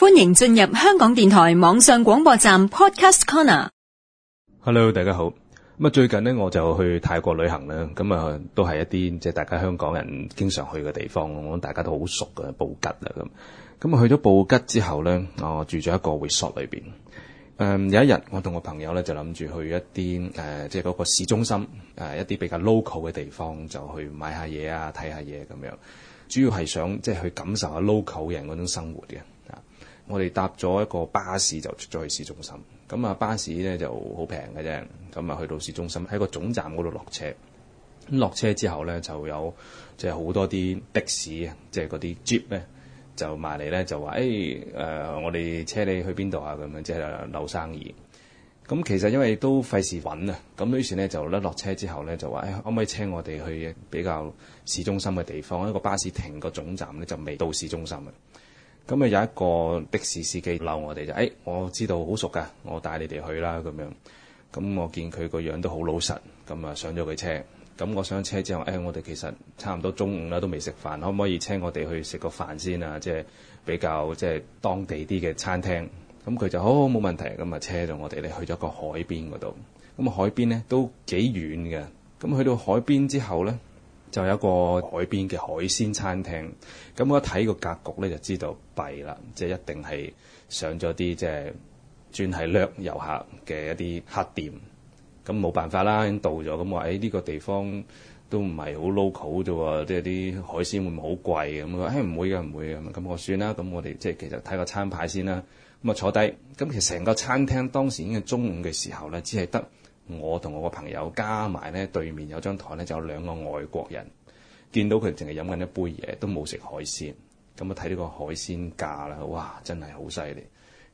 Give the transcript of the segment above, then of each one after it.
歡迎進入香港電台網上廣播站 Podcast Corner。Hello，大家好。咁啊，最近呢，我就去泰國旅行啦。咁啊都係一啲即係大家香港人經常去嘅地方，我諗大家都好熟嘅布吉啦咁。咁啊去咗布吉之後咧，我住咗一個會所裏邊。有一日我同我朋友咧就諗住去一啲誒、呃，即係嗰個市中心誒、呃，一啲比較 local 嘅地方就去買下嘢啊，睇下嘢咁樣。主要係想即係去感受下 local 人嗰種生活嘅。我哋搭咗一個巴士就出咗去市中心，咁啊巴士咧就好平嘅啫，咁啊去到市中心喺個總站嗰度落車，咁落車之後咧就有即係好多啲的士啊，即係嗰啲 jeep 咧就埋嚟咧就話誒、哎呃、我哋車你去邊度啊咁樣即係扭生意。咁其實因為都費事揾啊，咁於是咧就咧落車之後咧就話誒、哎、可唔可以車我哋去比較市中心嘅地方，一個巴士停個總站咧就未到市中心嘅。咁啊，有一個的士司機嬲我哋就，誒、哎，我知道好熟噶，我帶你哋去啦咁樣。咁我見佢個樣都好老實，咁啊上咗佢車。咁我上車之後，誒、哎，我哋其實差唔多中午啦，都未食飯，可唔可以請我哋去食個飯先啊？即係比較即係當地啲嘅餐廳。咁佢就好好冇問題，咁啊車到我哋咧去咗個海邊嗰度。咁啊海邊咧都幾遠嘅。咁去到海邊之後咧。就有一個海邊嘅海鮮餐廳，咁我一睇個格局咧就知道弊啦，即係一定係上咗啲即係專係掠遊客嘅一啲黑店。咁冇辦法啦，已經到咗咁話誒呢個地方都唔係好 local 啫喎，即係啲海鮮會唔會好貴咁啊？誒唔會嘅唔會嘅咁，我算啦。咁我哋即係其實睇個餐牌先啦。咁啊坐低，咁其實成個餐廳當時已經係中午嘅時候咧，只係得我同我個朋友加埋咧，對面有張台咧就有兩個外國人，見到佢淨係飲緊一杯嘢，都冇食海鮮。咁啊睇呢個海鮮價啦，哇！真係好犀利。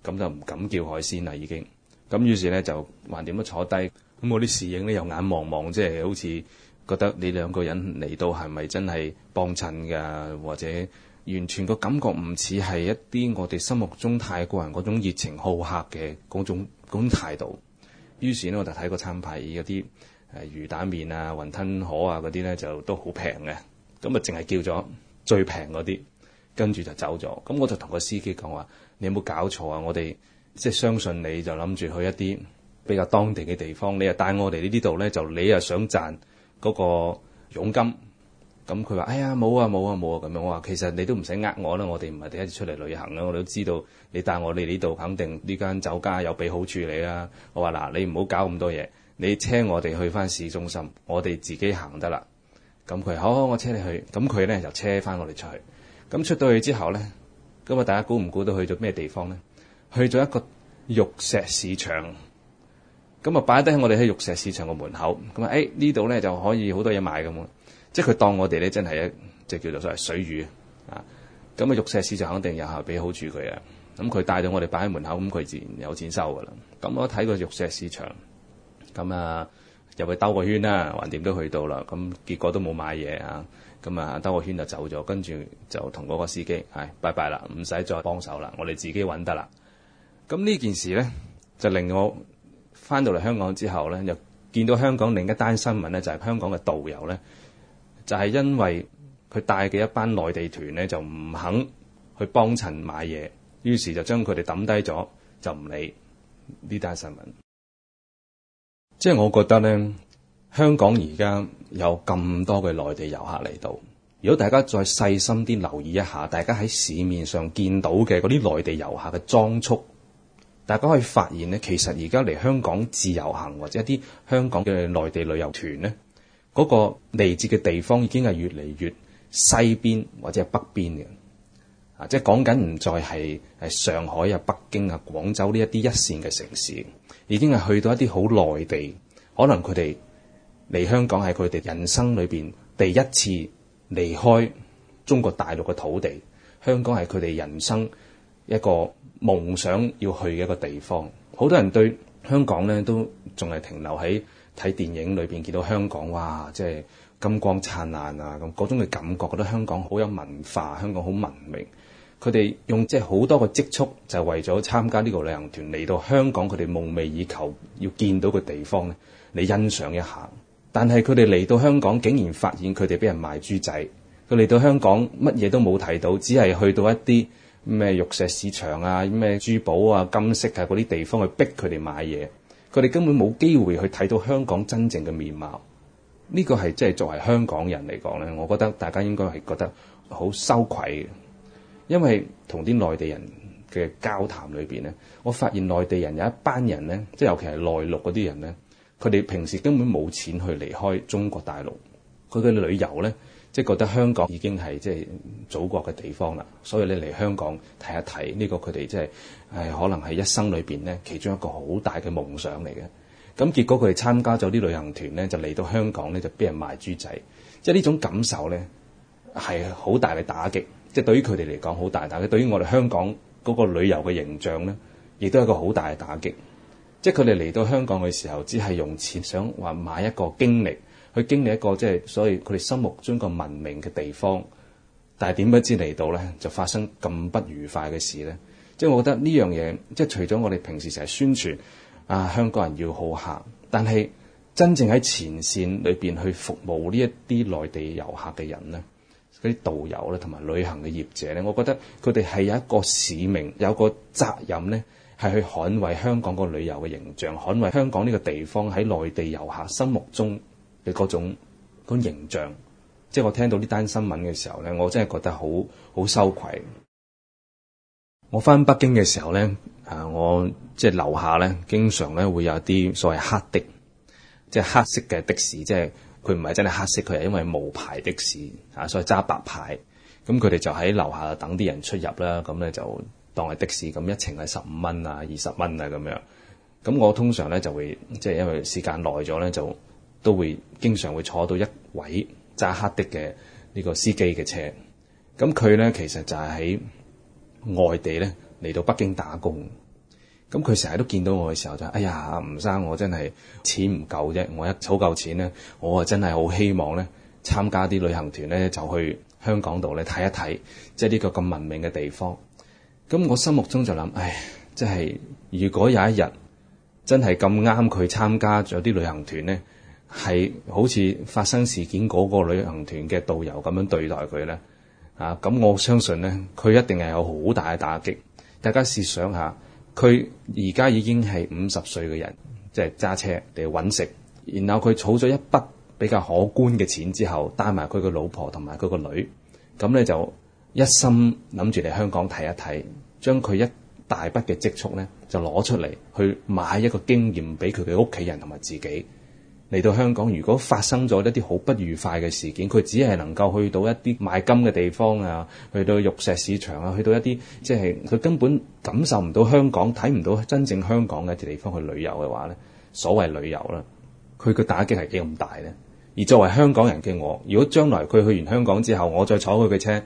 咁就唔敢叫海鮮啦，已經。咁於是咧就話點都坐低。咁我啲侍應咧又眼望望，即係好似覺得你兩個人嚟到係咪真係幫襯㗎？或者完全個感覺唔似係一啲我哋心目中泰國人嗰種熱情好客嘅嗰種嗰種態度。於是咧，我就睇個餐牌，嗰啲誒魚蛋麵啊、雲吞河啊嗰啲咧，就都好平嘅。咁啊，淨係叫咗最平嗰啲，跟住就走咗。咁我就同個司機講話：「你有冇搞錯啊？我哋即係相信你，就諗住去一啲比較當地嘅地方。你又帶我哋呢啲度咧，就你又想賺嗰個佣金。咁佢話，哎呀，冇啊，冇啊，冇啊，咁樣。我話其實你都唔使呃我啦。我哋唔係第一次出嚟旅行啦，我哋都知道你帶我嚟呢度，肯定呢間酒家有俾好處你啦。我話嗱，你唔好搞咁多嘢，你車我哋去翻市中心，我哋自己行得啦。咁佢好，好，好，我車你去。咁佢咧就車翻我哋出去。咁出到去之後咧，咁啊，大家估唔估到去咗咩地方咧？去咗一個玉石市場。咁啊，擺低喺我哋喺玉石市場個門口。咁啊，誒、哎、呢度咧就可以好多嘢買咁。即係佢當我哋咧，真係一隻叫做所謂水魚啊。咁啊，玉石市場肯定有效俾好處佢啊。咁佢帶到我哋擺喺門口，咁佢自然有錢收㗎啦。咁我睇個玉石市場咁啊，又去兜個圈啦，橫掂都去到啦。咁結果都冇買嘢啊。咁啊，兜個圈就走咗，跟住就同嗰個司機係、哎、拜拜啦，唔使再幫手啦，我哋自己搵得啦。咁呢件事咧，就令我翻到嚟香港之後咧，又見到香港另一單新聞咧，就係、是、香港嘅導遊咧。就係因為佢帶嘅一班內地團咧，就唔肯去幫襯買嘢，於是就將佢哋抌低咗，就唔理呢單新聞。即係我覺得咧，香港而家有咁多嘅內地遊客嚟到，如果大家再細心啲留意一下，大家喺市面上見到嘅嗰啲內地遊客嘅裝束，大家可以發現咧，其實而家嚟香港自由行或者一啲香港嘅內地旅遊團咧。嗰、那個嚟自嘅地方已經係越嚟越西邊或者係北邊嘅，啊，即係講緊唔再係上海啊、北京啊、廣州呢一啲一線嘅城市，已經係去到一啲好內地，可能佢哋嚟香港係佢哋人生裏面第一次離開中國大陸嘅土地，香港係佢哋人生一個夢想要去嘅一個地方，好多人對香港咧都仲係停留喺。睇電影裏面，見到香港，哇！即係金光燦爛啊，咁嗰種嘅感覺，覺得香港好有文化，香港好文明。佢哋用即係好多個積蓄，就為咗參加呢個旅行團嚟到香港，佢哋夢寐以求要見到嘅地方咧，你欣賞一下。但係佢哋嚟到香港，竟然發現佢哋俾人賣豬仔。佢嚟到香港，乜嘢都冇睇到，只係去到一啲咩玉石市場啊、咩珠寶啊、金色啊嗰啲地方去逼佢哋買嘢。佢哋根本冇機會去睇到香港真正嘅面貌。這是，呢個係即係作為香港人嚟講咧，我覺得大家應該係覺得好羞愧嘅，因為同啲內地人嘅交談裏面，咧，我發現內地人有一班人咧，即係尤其係內陸嗰啲人咧，佢哋平時根本冇錢去離開中國大陸，佢嘅旅遊咧。即係覺得香港已經係即係祖國嘅地方啦，所以你嚟香港睇一睇呢個佢哋即係誒可能係一生裏面咧，其中一個好大嘅夢想嚟嘅。咁結果佢哋參加咗啲旅行團咧，就嚟到香港咧，就俾人賣豬仔，即係呢種感受咧係好大嘅打擊。即係對於佢哋嚟講好大打擊，但對於我哋香港嗰個旅遊嘅形象咧，亦都係一個好大嘅打擊。即係佢哋嚟到香港嘅時候，只係用錢想話買一個經歷。佢經歷一個即係，所以佢哋心目中個文明嘅地方，但係點不知嚟到咧就發生咁不愉快嘅事咧。即係我覺得呢樣嘢，即係除咗我哋平時成日宣傳啊，香港人要好客，但係真正喺前線裏面去服務呢一啲內地遊客嘅人咧，嗰啲導遊咧同埋旅行嘅業者咧，我覺得佢哋係有一個使命，有個責任咧，係去捍衛香港個旅遊嘅形象，捍衛香港呢個地方喺內地遊客心目中。嘅嗰種嗰種形象，即係我聽到呢單新聞嘅時候咧，我真係覺得好好羞愧我。我返北京嘅時候咧，啊，我即係樓下咧，經常咧會有啲所謂黑的，即係黑色嘅的，的士，即係佢唔係真係黑色，佢係因為無牌的士啊，所以揸白牌。咁佢哋就喺樓下等啲人出入啦，咁咧就當係的士，咁一程係十五蚊啊、二十蚊啊咁樣。咁我通常咧就會即係因為時間耐咗咧就。都會經常會坐到一位揸黑的嘅呢個司機嘅車。咁佢咧其實就係喺外地咧嚟到北京打工。咁佢成日都見到我嘅時候就係，哎呀，吳生，我真係錢唔夠啫。我一儲夠錢咧，我啊真係好希望咧參加啲旅行團咧，就去香港度咧睇一睇，即係呢個咁文明嘅地方。咁我心目中就諗，唉，即係如果有一日真係咁啱佢參加咗啲旅行團咧。係好似發生事件嗰個旅行團嘅導遊咁樣對待佢呢？啊咁我相信呢，佢一定係有好大嘅打擊。大家試想下，佢而家已經係五十歲嘅人，即係揸車嚟搵食，然後佢儲咗一筆比較可觀嘅錢之後，帶埋佢嘅老婆同埋佢個女，咁呢就一心諗住嚟香港睇一睇，將佢一大筆嘅積蓄呢，就攞出嚟去買一個經驗俾佢嘅屋企人同埋自己。嚟到香港，如果發生咗一啲好不愉快嘅事件，佢只係能夠去到一啲賣金嘅地方啊，去到玉石市場啊，去到一啲即係佢根本感受唔到香港，睇唔到真正香港嘅地方去旅遊嘅話呢，所謂旅遊咧，佢嘅打擊係幾咁大呢？而作為香港人嘅我，如果將來佢去完香港之後，我再坐佢嘅車，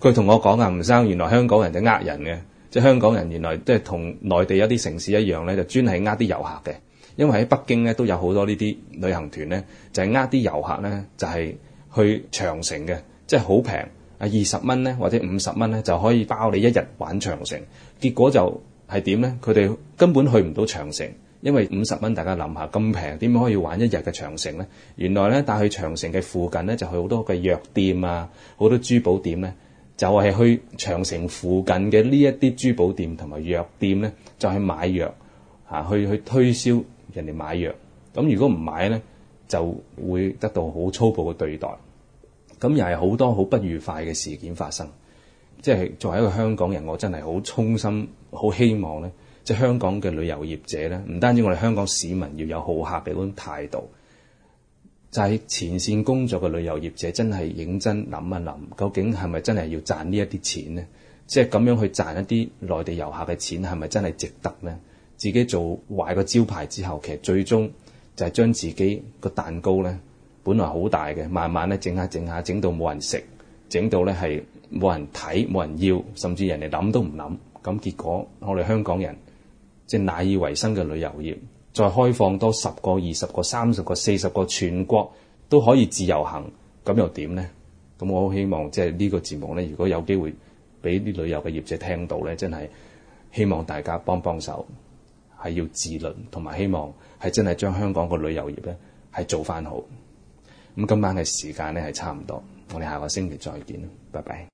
佢同我講啊，吳生，原來香港人就呃人嘅，即係香港人原來都係同內地一啲城市一樣呢，就專係呃啲遊客嘅。因為喺北京咧都有好多呢啲旅行團咧，就係呃啲遊客咧，就係去長城嘅，即係好平啊，二十蚊咧或者五十蚊咧就可以包你一日玩長城。結果就係點咧？佢哋根本去唔到長城，因為五十蚊大家諗下咁平，點樣可以玩一日嘅長城咧？原來咧，帶去長城嘅附近咧就去好多嘅藥店啊，好多珠寶店咧，就係去長城附近嘅呢一啲珠寶店同埋藥店咧，就係買藥吓去去推銷。人哋買藥，咁如果唔買呢，就會得到好粗暴嘅對待，咁又係好多好不愉快嘅事件發生。即係作為一個香港人，我真係好衷心、好希望呢，即係香港嘅旅遊業者呢，唔單止我哋香港市民要有好客嘅嗰種態度，就係前線工作嘅旅遊業者真係認真諗一諗，究竟係咪真係要賺呢一啲錢呢？即係咁樣去賺一啲內地遊客嘅錢，係咪真係值得呢？自己做壞個招牌之後，其實最終就係將自己個蛋糕呢，本來好大嘅，慢慢咧整下整下，整到冇人食，整到呢係冇人睇，冇人要，甚至人哋諗都唔諗。咁結果我哋香港人即係賴以為生嘅旅遊業，再開放多十個、二十個、三十個、四十個全國都可以自由行，咁又點呢？咁我好希望即係呢個節目呢，如果有機會俾啲旅遊嘅業者聽到呢，真係希望大家幫幫手。係要自律，同埋希望係真係將香港個旅遊業咧係做翻好。咁今晚嘅時間咧係差唔多，我哋下個星期再見啦，拜拜。